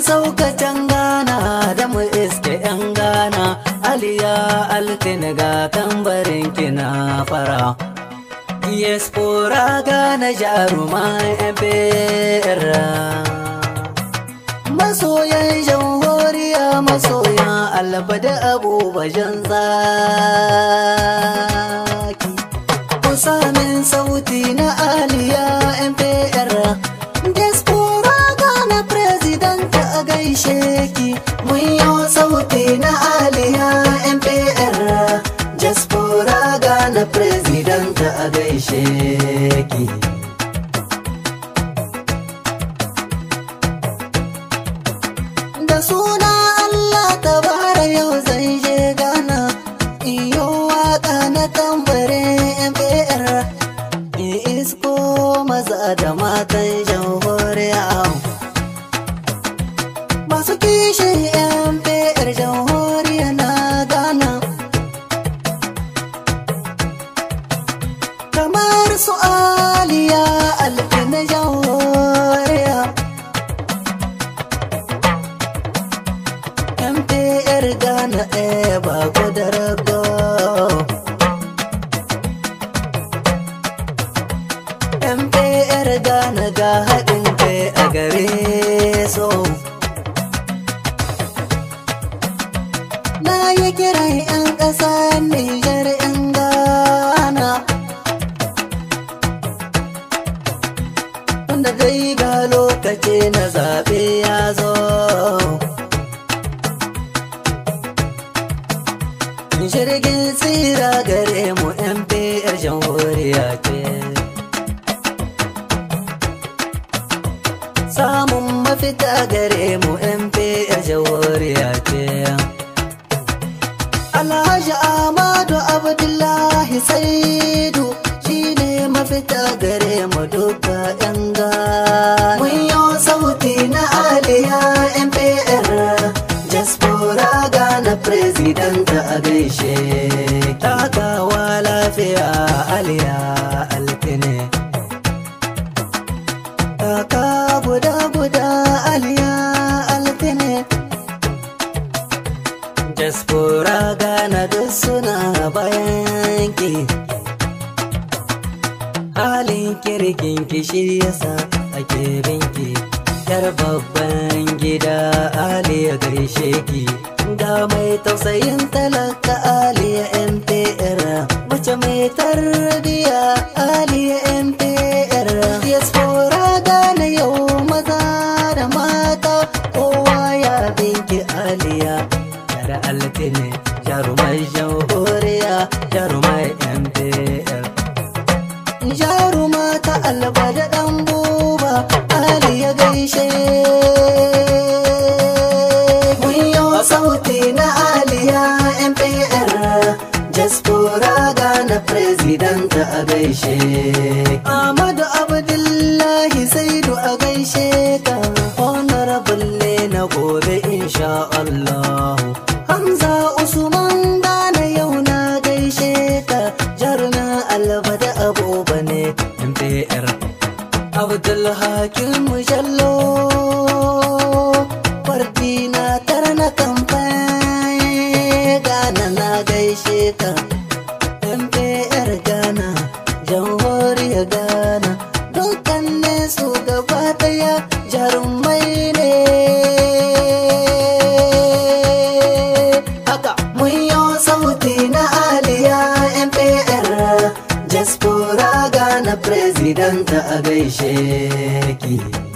mun sauka can gana da mu iske yan gana aliya altin tambarin kina fara yes fura gana jaruma ebera masoyan jamhuriya masoyan albada abubajen tsara sheki mun yi sauti na aliya mpr jaspora gana president a gaishe ki da suna allah tabara yau zai je gana iyo waka na tambare mpr isko maza da matan jama'a ba kudurar go mpr gana ga haɗin kai a gare so na yi kiran 'yan ƙasa nijar 'yan gana wanda dai ga lokaci na zaɓe ya zo basira gare mu yan biyar jamhuriya ce samun mafita gare mu yan biyar jamhuriya ce alhaji amadu abdullahi saidu shine mafita gare mu duka yan ga mun yi sauti na aliya yan prezidanta a gaishe takawa lafiya aliya alkine taka guda guda aliya alkine jaspura gana duk suna bayan ki halin kirkin ki shirya sa ake binki yar babban gida aliya gaishe ki ga mai tausayin talaka aliya mtr mace mai tarbiya aliya mtr diaspora gane yau maza da mata kowa ya binki aliya yara altine jarumai jamhuriya jarumai mtr jaruma ta albada dan buba aliya gaishe na president a gaishe Ahmadu Abdullahi Saidu a gaishe ka honorable ne na gobe insha Allah Hamza Usman dana yau na gaishe ka jarna albada abuba ne MPR Abdul Hakim Jallo na tara na gana dukkan ne su gaba daya jarumai ne haka mun yi sauti na aliya mpr jaspora gana president a gaishe ki